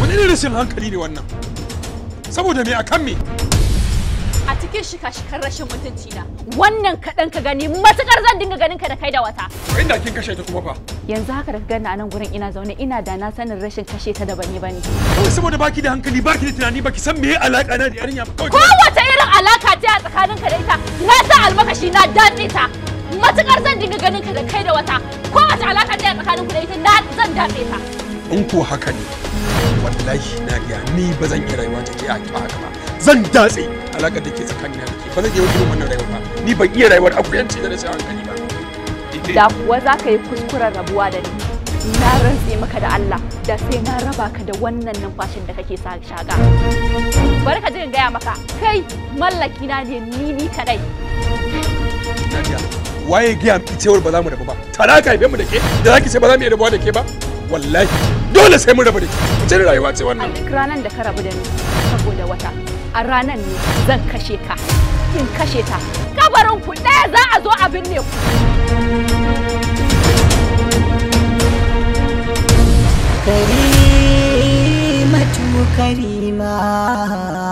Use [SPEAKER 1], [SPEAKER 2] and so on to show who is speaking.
[SPEAKER 1] Wani ne rashin hankali ne wannan? Saboda me a kan me?
[SPEAKER 2] A cikin shika shikar rashin mutunci na, wannan kaɗan ka gani matuƙar zan dinga ganin ka da kai da wata.
[SPEAKER 1] Inda kin kashe ta kuma fa?
[SPEAKER 3] Yanzu haka da ka gani a nan gurin ina zaune ina da na sanin rashin kashe ta da bane bane.
[SPEAKER 1] Kawai saboda baki da hankali baki da tunani baki san meye alaƙa na da yarinya ba. Kowace
[SPEAKER 2] irin alaƙa ce a ka da ita, na sa almakashi na datse ta. Matuƙar zan dinga ganin ka zan ta
[SPEAKER 1] in ko haka ne wallahi na biya ni ba zan iya rayuwa take a haka ba zan datse alaka da ke tsakanin na ba zan yi wani wannan rayuwa ba ni ban iya rayuwar akuyanci da rashin hankali ba da
[SPEAKER 3] kuwa za ka yi kuskuren rabuwa da ni na rantse maka da Allah da sai na raba ka da wannan numfashin da kake shaka bari ka jin gaya maka kai mallaki na ne ni ni kaɗai.
[SPEAKER 1] waye giya cewar ba za mu rabu ba tara ka haife mu da ke da zaki ce ba za mu rabuwa da ke ba wallahi dole sai mun rabu da ke ce rayuwa ce wannan a
[SPEAKER 3] duk ranar da ka rabu da ni saboda wata a ranar ne zan kashe ka in kashe ta kabarin ku za a zo a binne ku tu Karima